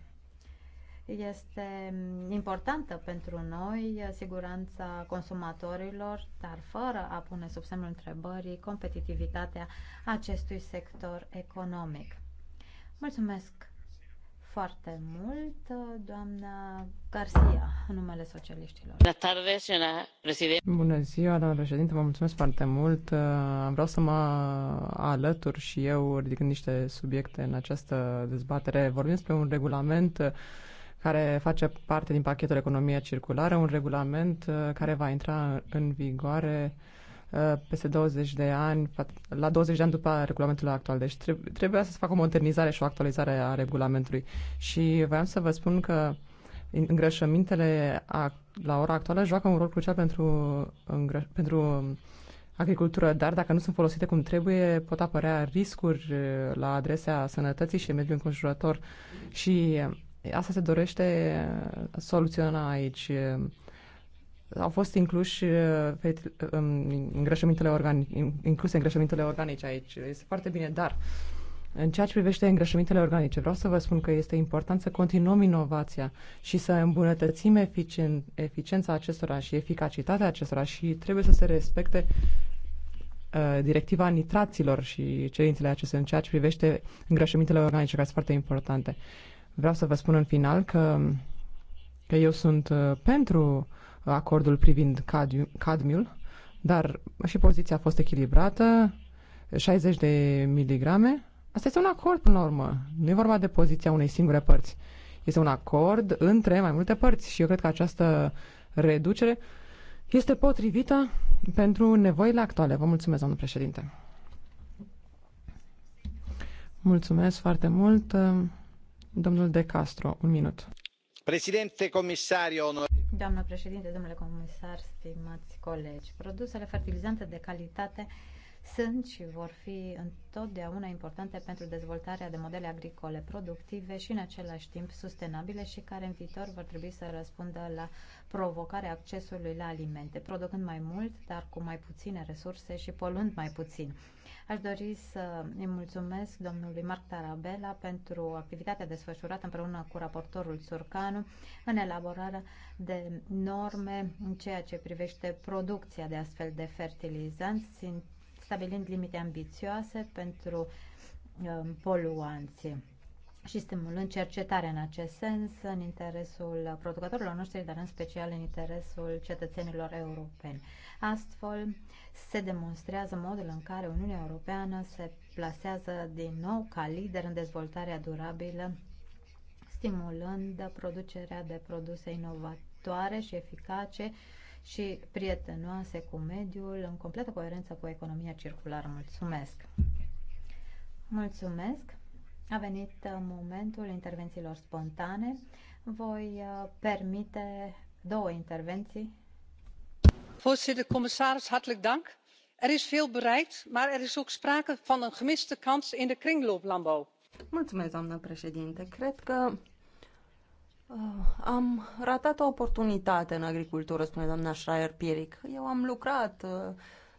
Este mm, importantă pentru noi uh, siguranța consumatorilor, dar fără a pune sub semnul întrebării competitivitatea acestui sector economic. Mulțumesc foarte mult, doamna Garcia, în numele socialiștilor. Bună ziua, doamna președinte, vă mulțumesc foarte mult. Uh, vreau să mă alătur și eu ridicând niște subiecte în această dezbatere. Vorbim despre un regulament uh, care face parte din pachetul Economia Circulară, un regulament uh, care va intra în vigoare Uh, peste 20 de ani, la 20 de ani după regulamentul actual. Deci trebuia să se facă o modernizare și o actualizare a regulamentului. Și voiam să vă spun că îngrășămintele la ora actuală joacă un rol crucial pentru, pentru agricultură, dar dacă nu sunt folosite cum trebuie, pot apărea riscuri uh, la adresa sănătății și mediului înconjurător. Și asta se dorește uh, soluționa aici au fost incluși pe, uh, uh, um, îngrășămintele organice, incluse îngrășămintele organice aici. Este foarte bine, dar în ceea ce privește îngrășămintele organice, vreau să vă spun că este important să continuăm inovația și să îmbunătățim eficien, eficiența acestora și eficacitatea acestora și trebuie să se respecte uh, directiva nitraților și cerințele acestea în ceea ce privește îngrășămintele organice, care sunt foarte importante. Vreau să vă spun în final că, că eu sunt uh, pentru uh, acordul privind cadmiul, dar și poziția a fost echilibrată, 60 de miligrame. Asta este un acord până la urmă. Nu e vorba de poziția unei singure părți. Este un acord între mai multe părți și eu cred că această reducere este potrivită pentru nevoile actuale. Vă mulțumesc, domnul președinte. Mulțumesc foarte mult. Domnul De Castro, un minut. Președinte, comisar, onor... Doamnă președinte, domnule comisar, stimați colegi, produsele fertilizante de calitate sunt și vor fi întotdeauna importante pentru dezvoltarea de modele agricole productive și în același timp sustenabile și care în viitor vor trebui să răspundă la provocarea accesului la alimente, producând mai mult, dar cu mai puține resurse și poluând mai puțin. Aș dori să îi mulțumesc domnului Marc Tarabela pentru activitatea desfășurată împreună cu raportorul Surcanu în elaborarea de norme în ceea ce privește producția de astfel de fertilizanți, stabilind limite ambițioase pentru um, poluanții. și stimulând cercetarea în acest sens în interesul producătorilor noștri, dar în special în interesul cetățenilor europeni. Astfel, se demonstrează modul în care Uniunea Europeană se plasează din nou ca lider în dezvoltarea durabilă, stimulând producerea de produse inovatoare și eficace, și prietenoase cu mediul, în completă coerență cu economia circulară. Mulțumesc! Mulțumesc! A venit momentul intervențiilor spontane. Voi uh, permite două intervenții. Voorzitter, commissaris, hartelijk dank. Er is veel bereikt, maar er is ook sprake van een gemiste kans in de kringlooplandbouw. Mulțumesc, doamnă președinte. Cred că Ah, am ratat o oportunitate în agricultură, spune doamna Schreier-Pieric. Eu am lucrat ah,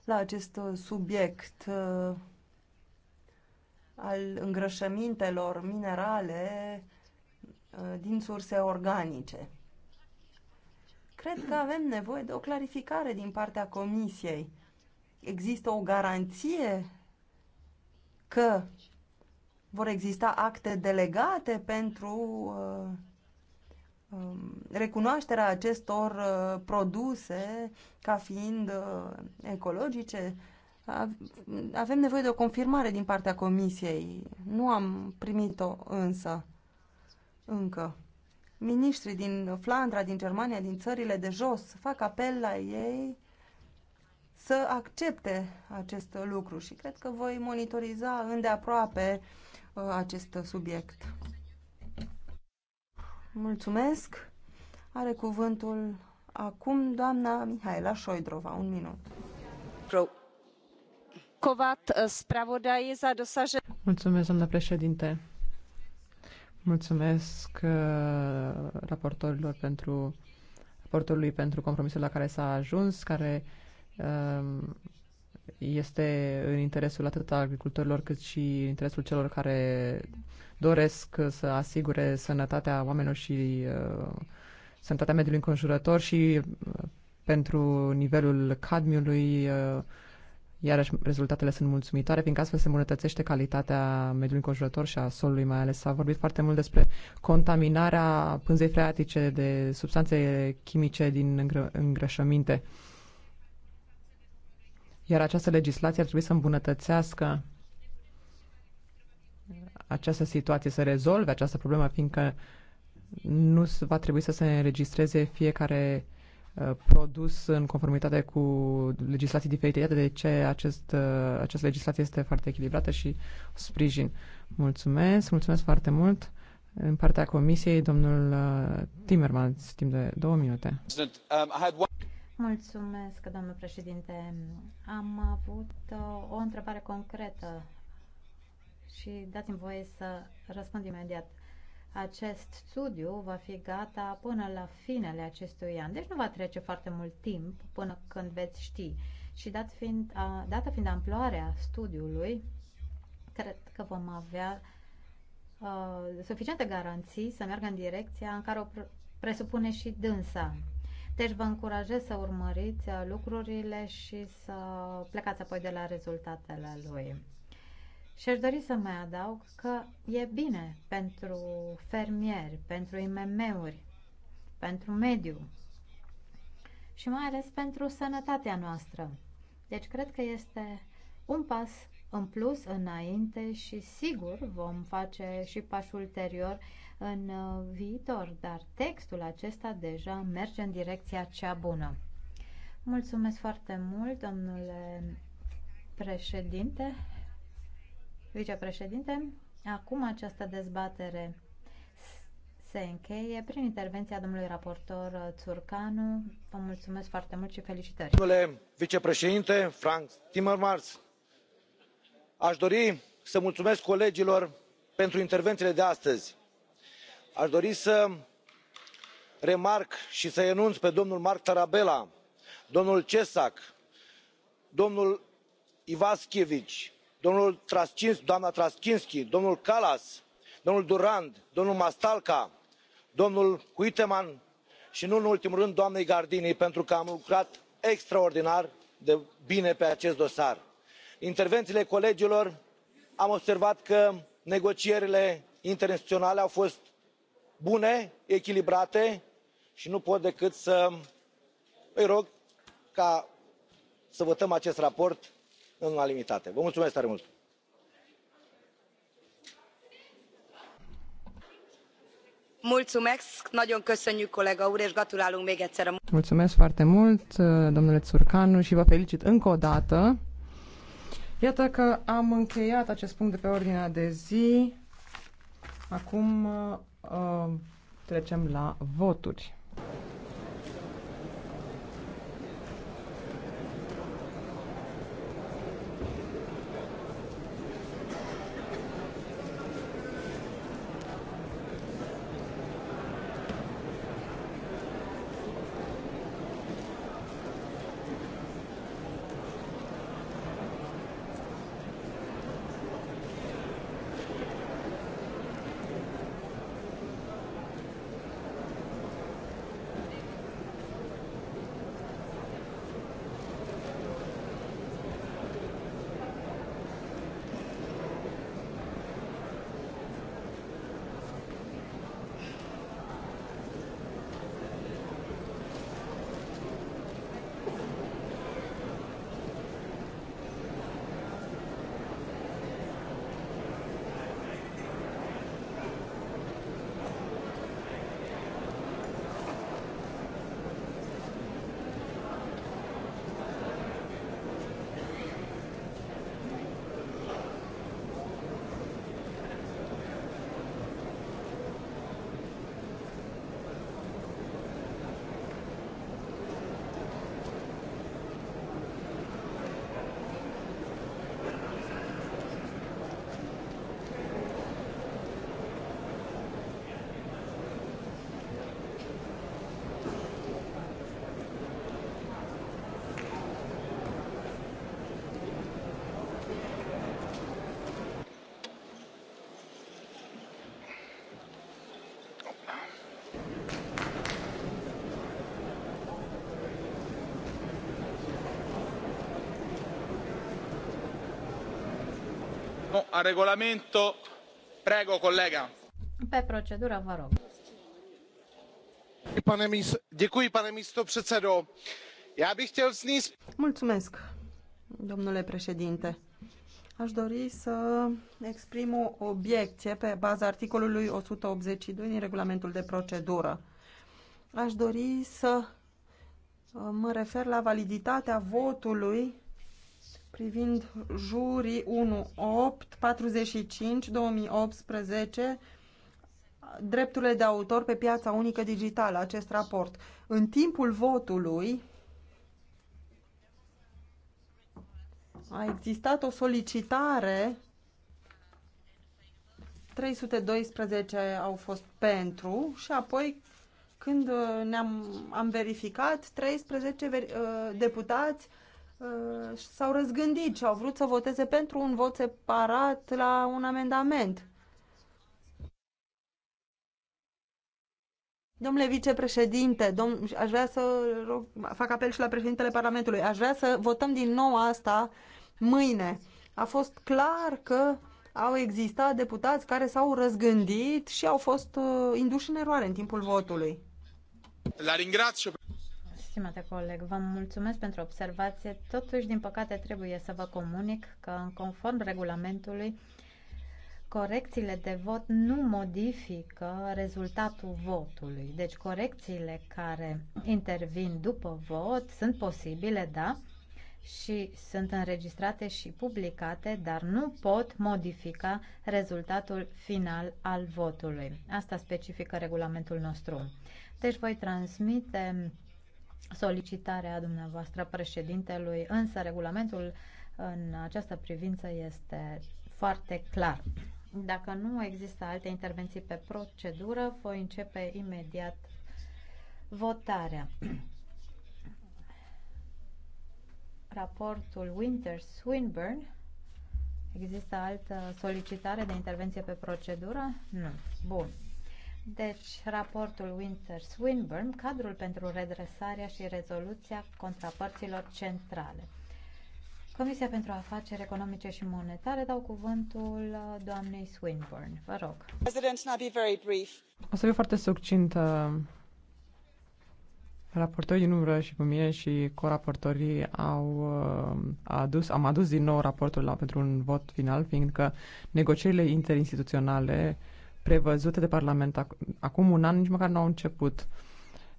la acest ah, subiect al îngrășămintelor minerale din surse organice. Cred că avem nevoie de o clarificare din partea Comisiei. Există o garanție că vor exista acte delegate pentru uh, Um, recunoașterea acestor uh, produse ca fiind uh, ecologice. Avem nevoie de o confirmare din partea comisiei. Nu am primit-o însă încă. Ministrii din Flandra, din Germania, din țările de jos fac apel la ei să accepte acest lucru și cred că voi monitoriza îndeaproape uh, acest subiect. Mulțumesc. Are cuvântul acum doamna Mihaela Șoidrova. Un minut. Pro. Eh, Mulțumesc, doamna președinte. Mulțumesc eh, raportorilor pentru raportorului pentru compromisul la care s-a ajuns, care eh, este în interesul atât a agricultorilor cât și în interesul celor care doresc să asigure sănătatea oamenilor și uh, sănătatea mediului înconjurător și uh, pentru nivelul cadmiului, uh, iarăși rezultatele sunt mulțumitoare, fiindcă astfel se îmbunătățește calitatea mediului înconjurător și a solului mai ales. S-a vorbit foarte mult despre contaminarea pânzei freatice de substanțe chimice din îngră- îngrășăminte. Uh, iar această legislație ar trebui să îmbunătățească această situație, să rezolve această problemă, fiindcă nu va trebui să se înregistreze fiecare uh, produs în conformitate cu legislații diferite. Iată de ce acest, uh, această legislație este foarte echilibrată și sprijin. Mulțumesc, mulțumesc foarte mult. În partea comisiei, domnul uh, Timmermans, timp de două minute. Mulțumesc, domnul președinte. Am avut uh, o întrebare concretă și dați-mi voie să răspund imediat. Acest studiu va fi gata până la finele acestui an, deci nu va trece foarte mult timp până când veți ști. Și dat fiind, uh, dată fiind amploarea studiului, cred că vom avea uh, suficiente garanții să meargă în direcția în care o presupune și dânsa. Deci vă încurajez să urmăriți uh, lucrurile și să plecați apoi de la rezultatele lui. Și aș dori să mai adaug că e bine pentru fermieri, pentru IMM-uri, pentru mediu și mai ales pentru sănătatea noastră. Deci cred că este un pas în plus înainte și sigur vom face și pași ulterior în uh, viitor, dar textul acesta deja merge în direcția cea bună. Mulțumesc foarte mult, domnule președinte, vicepreședinte. Acum această dezbatere se încheie prin intervenția domnului raportor uh, Țurcanu. Vă mulțumesc foarte mult și felicitări. Domnule vicepreședinte Frank Timmermans, aș dori să mulțumesc colegilor pentru intervențiile de astăzi aș dori să remarc și să îi enunț pe domnul marc tarabella domnul cesac domnul ivaschievici doamna traskinski domnul kallas domnul durand domnul mastalka domnul huitema și nu în ultimul rând doamnei gardini pentru că am lucrat extraordinar de bine pe acest dosar. intervențiile colegilor am observat că negocierile interinstituționale au fost bune echilibrate și nu pot decât să îi rog să votăm acest raport în unanimitate. vă mulțumesc tare mult! Mulțumesc foarte mult, domnule Țurcanu, și vă felicit încă o dată. Iată că am încheiat acest punct de pe ordinea de zi. Acum trecem la voturi. a regolamento. Prego, colega. Pe procedură, vă rog. Pane, děkuji, pane místo předsedo. Já bych chtěl sníst... Mulțumesc, domnule președinte. Aș dori să exprim o obiecție pe baza articolului 182 din regulamentul de procedură. Aș dori să uh, mă refer la validitatea votului privind jurii 1.8.45-2018 drepturile de autor pe piața unică digitală, acest raport. În timpul votului a existat o solicitare 312 au fost pentru și apoi când uh, ne-am am verificat, 13 uh, deputați uh, s-au răzgândit și au vrut să voteze pentru un vot separat la un amendament. Domnule vicepreședinte, dom aș vrea să rog, fac apel și la președintele Parlamentului, aș vrea să votăm din nou asta mâine. A fost clar că au existat deputați care s-au răzgândit și au fost uh, induși în eroare în timpul votului. La ringrazio. Stimate coleg, vă mulțumesc pentru observație. Totuși, din păcate, trebuie să vă comunic că, în conform regulamentului, corecțiile de vot nu modifică rezultatul votului. Deci, corecțiile care intervin după vot sunt posibile, da, și sunt înregistrate și publicate, dar nu pot modifica rezultatul final al votului. Asta specifică regulamentul nostru. Deci voi transmite solicitarea dumneavoastră președintelui, însă regulamentul în această privință este foarte clar. Dacă nu există alte intervenții pe procedură, voi începe imediat votarea. Raportul Winter-Swinburne. Există altă solicitare de intervenție pe procedură? Nu. Bun. Deci, raportul winter swinburne cadrul pentru redresarea și rezoluția contrapărților centrale. Comisia pentru Afaceri Economice și Monetare dau cuvântul uh, doamnei Swinburne. Vă rog. O să fiu foarte succintă. Raportorii din umbră și cu mine și coraportorii au uh, adus, am adus din nou raportul la, pentru un vot final, fiindcă negocierile interinstituționale uh, prevăzute de Parlament acum un an nici măcar nu au început.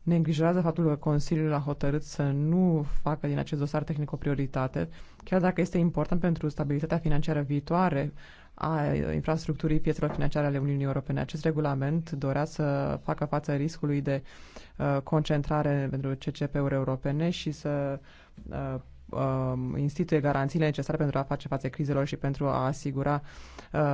Ne îngrijorează faptul că Consiliul a hotărât să nu facă din acest dosar tehnic o prioritate, chiar dacă este important pentru stabilitatea financiară viitoare a infrastructurii piețelor financiare ale Uniunii Europene. Acest regulament dorea să facă față riscului de uh, concentrare pentru CCP-uri europene și să uh, um, instituie garanțiile necesare pentru a face față crizelor și pentru a asigura uh,